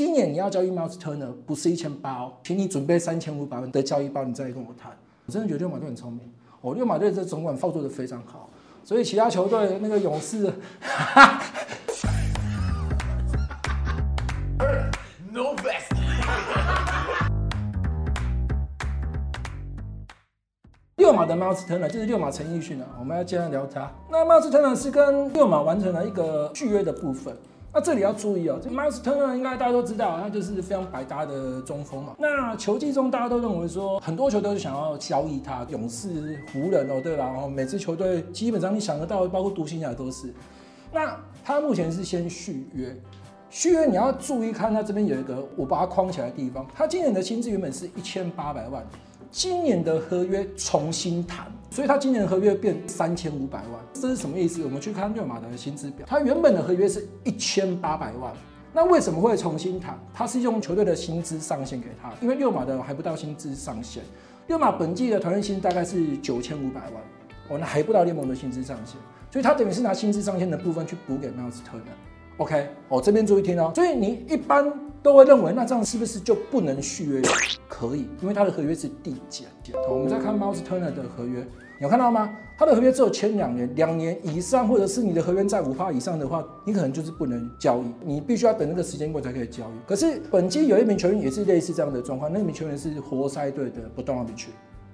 今年你要交易 Myles Turner，不是一千八哦，請你準備三千五百萬的交易包，你再來跟我談。我真的覺得溜馬隊很聰明，哦，溜馬隊這總管操作的非常好，所以其他球隊那個勇士，哈哈，哈哈哈哈哈，溜馬的 Myles Turner 就是溜馬陳奕迅了、啊，我們要接著聊他。那 Myles Turner 是跟溜馬完成了一個續約的部分。那、啊、這裡要注意哦，這 Myles Turner 應該大家都知道，那就是非常百搭的中鋒嘛。那球季中大家都認為說，很多球隊想要交易他，勇士、湖人哦，對吧？然後每支球隊基本上你想得到，包括獨行俠都是。那他目前是先續約，續約你要注意看他這邊有一個我把它框起來的地方，他今年的薪資原本是一千八百萬，今年的合約重新談。所以他今年合約變三千五百萬，這是什麼意思？我們去看溜馬的薪資表，他原本的合約是一千八百萬，那為什麼會重新談？他是用球隊的薪資上限給他，因為溜馬的還不到薪資上限。溜馬本季的團隊薪資大概是九千五百萬，哦，那還不到聯盟的薪資上限，所以他等於是拿薪資上限的部分去補給 Myles Turner。OK，我、哦、這邊注意聽哦，所以你一般都會認為，那這樣是不是就不能續約？ 可以，因為他的合約是遞減的。我們再看 Myles Turner 的合約，你有看到嗎？他的合約只有前兩年，兩年以上，或者是你的合約在五趴以上的話，你可能就是不能交易，你必須要等那個時間過才可以交易。可是本期有一名球員也是類似這樣的狀況，那名球員是活塞隊的布道爾區。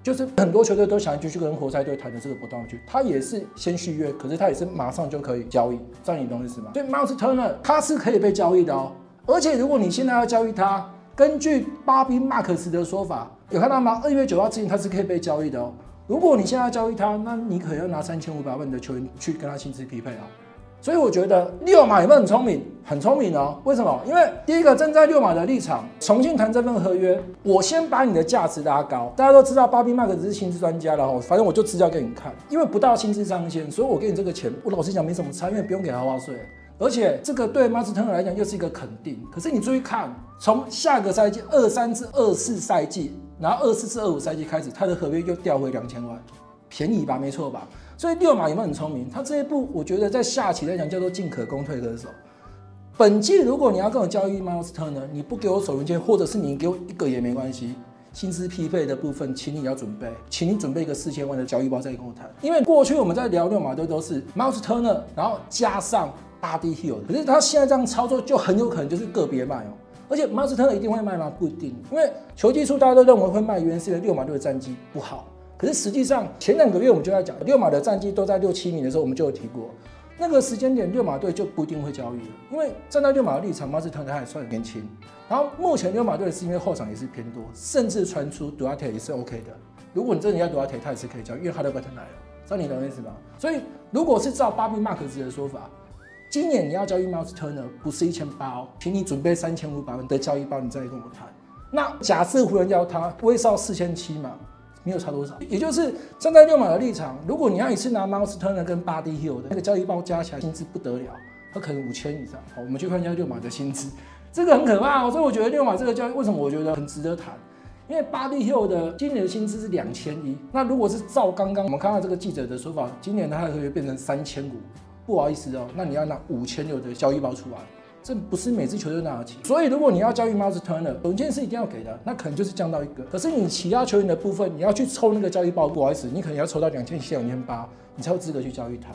就是很多球隊都想繼續跟活塞隊談的這個不動，句，他也是先續約，可是他也是馬上就可以交易，這樣你懂意思嗎？所以 Myles Turner 他是可以被交易的哦。而且，如果你現在要交易他，根據 Bobby Marks 的說法，有看到嗎？二月九號之前他是可以被交易的哦。如果你現在要交易他，那你可以要拿三千五百萬的球員去跟他薪資匹配啊、哦。所以我覺得溜馬有沒有很聰明，很聰明哦。為什麼？因為第一個站在溜馬的立場重新談這份合約，我先把你的價值拉高。大家都知道，Bobby Marks 是薪資專家，然後反正我就資料給你看。因為不到薪資上限，所以我給你這個錢，我老實講沒什麼差，因為不用給他豪華稅。而且這個對 Myles Turner 來講又是一個肯定。可是你注意看，從下個賽季二三至二四賽季，然後二四至二五賽季開始，他的合約又掉回兩千萬。便宜吧，沒錯吧？所以溜馬有沒有很聰明？他這一步，我覺得在下棋來講叫做進可攻，退可守。本季如果你要跟我交易 Myles Turner, 你不給我首輪籤，或者是你給我一個也沒關係。薪資匹配的部分，請你要準備，請你準備一個四千萬的交易包再跟我談。因為過去我們在聊溜馬隊都是 Myles Turner, 然後加上 Buddy Hield 可是他現在這樣操作就很有可能就是個別賣哦、喔。而且 Myles Turner 一定會賣嗎？不一定，因為球季初大家都認為會賣。U N C 的溜馬隊的戰績不好。可是實際上，前兩個月我們就在講六馬的戰績都在六七名的時候，我們就有提過，那個時間點六馬隊就不一定會交易了，因為站在六馬的立場，Myles Turner 他還算年輕。然後目前六馬隊是因為後場也是偏多，甚至傳出杜蘭特也是 OK 的。如果你真的要杜蘭特，他也是可以交，因為他都 o n 來了，知道你懂意思嗎？所以如果是照巴比馬克斯的說法，今年你要交易 Myles Turner 呢，er、不是一千八，請你準備三千五百萬的交易包，你再跟我談。那假設湖人要他，威少四千七嘛。沒有差多少，也就是站在溜馬的立場，如果你要一次拿 Myles Turner 跟 Buddy Hield 的那個交易包加起來，薪資不得了，他可能五千以上。好，我們去看一下溜馬的薪資，這個很可怕哦。所以我覺得溜馬這個交易為什麼我覺得很值得談？因為 Buddy Hield 的今年的薪資是兩千一，那如果是照剛剛我們看到這個記者的說法，今年它可能變成三千五，不好意思哦，那你要拿五千六的交易包出來。這不是每支球隊拿得起，所以如果你要交易 Myles Turner，有一件事一定要給的，那可能就是降到一個。可是你其他球員的部分，你要去抽那個交易包，不好意思，你可能要抽到兩千七、兩千八，你才有資格去交易他。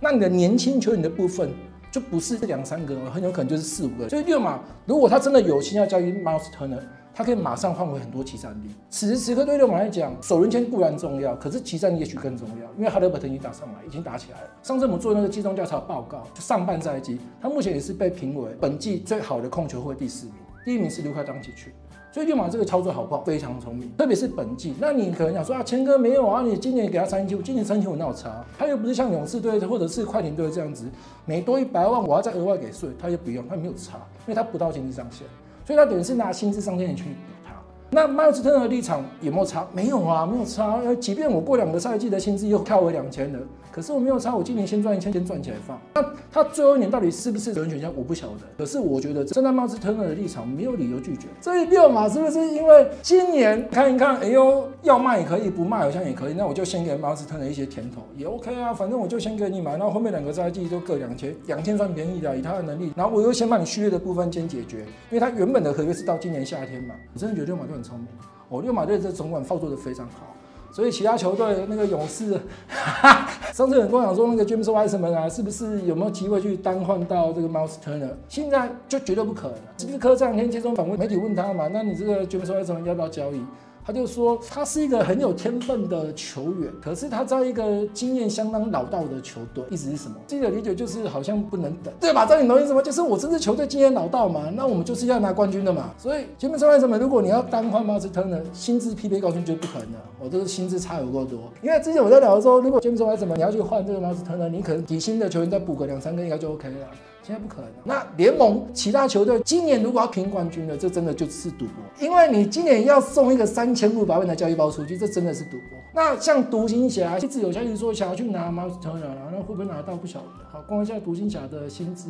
那你的年輕球員的部分。就不是兩三個，很有可能就是四五個。所以溜馬如果他真的有心要交易 Myles Turner 呢，er、他可以馬上換回很多即戰力。此時此刻對溜馬來講，首輪籤固然重要，可是即戰力也許更重要，因為哈利伯頓已經打上來，已經打起來了。上次我們做那個季中調查報告，就上半賽季他目前也是被評為本季最好的控球後衛第四名。第一名是劉塊當起去，所以溜馬這個操作好不好，非常聰明。特別是本季，那你可能想說啊，錢哥沒有啊，你今年給他三千五，今年三千五哪有差，他又不是像勇士隊或者是快艇隊這樣子，每多一百萬我要再額外給稅，他又不用，他沒有差，因為他不到薪資上限，所以他等於是拿薪資上限去補他。那麥斯特的立場也有沒有差，沒有啊，沒有差，呃，即便我過兩個賽季的薪資又跳回兩千了。可是我沒有差，我今年先賺一千，先賺起來放。那他最後一年到底是不是有人選項？我不曉得。可是我覺得站在 Myles Turner 的立場，沒有理由拒絕這溜馬是不是？因為今年看一看，哎呦，要賣也可以，不賣好像也可以。那我就先給 Myles Turner 了一些甜頭，也 OK 啊。反正我就先給你買，然後後面兩個賽季就各兩千，兩千算便宜的，以他的能力。然後我又先把你續約的部分先解決，因為他原本的合約是到今年夏天嘛。我真的覺得溜馬就很聰明，哦，溜馬對這總管操作的非常好。所以其他球隊那個勇士，哈，上次很多人想說那個 James Wiseman 啊，是不是有沒有機會去單換到這個 Myles Turner？現在就絕對不可能。是不是科爾天天接受訪問，媒體問他嘛？那你這個 James Wiseman 要不要交易？他就說，他是一個很有天分的球員，可是他在一個經驗相當老道的球隊，意思是什麼？自己的理解就是好像不能等對吧？在你東西什麼，就是我這支球隊經驗老道嘛，那我們就是要拿冠軍的嘛。所以杰米斯萊什麼，如果你要單換 Myles Turner 的薪資匹配，冠軍就不可能了，我這個薪資差有夠多、多。因為之前我在聊的時候，如果杰米斯萊什麼，你要去換這個 Myles Turner，你可能底薪的球員再補個兩三根個應該就 OK 了。現在不可能。那聯盟其他球隊今年如果要拼冠軍了，這真的就是賭博，因為你今年要送一個三千五百萬的交易包出去，這真的是賭博。那像獨行俠一直有消息說想要去拿馬喬納，那會不會拿到不曉得。好，講一下獨行俠的薪資，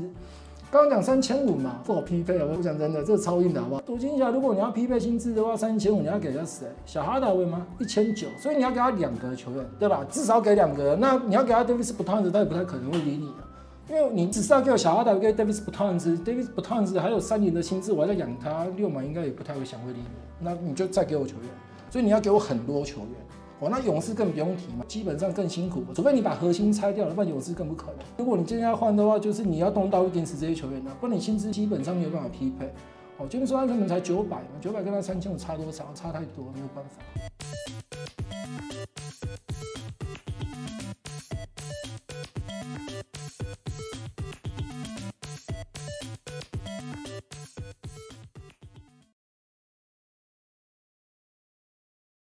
剛剛講三千五嘛，不好匹配啊。我講真的，這個超硬的，好不好？獨行俠如果你要匹配薪資的話，三千五你要給他誰？小哈達威嗎？一千九，所以你要給他兩個球員，對吧？至少給兩個。那你要給他 Davis Bertans 他也不太可能會理你。因為你只知道給我小阿達，給 Davis Bertans，Davis Bertans 還有三年的薪資，我還在養他，溜馬應該也不太會想會理你，那你就再給我球員，所以你要給我很多球員，哦，那勇士更不用提嘛，基本上更辛苦，除非你把核心拆掉了，那勇士更不可能。如果你今天要換的話，就是你要動 David 這些球員呢，不然你薪資基本上沒有辦法匹配，哦，就是說他可能才九百嘛，九百跟他三千五差多少？差太多，沒有辦法。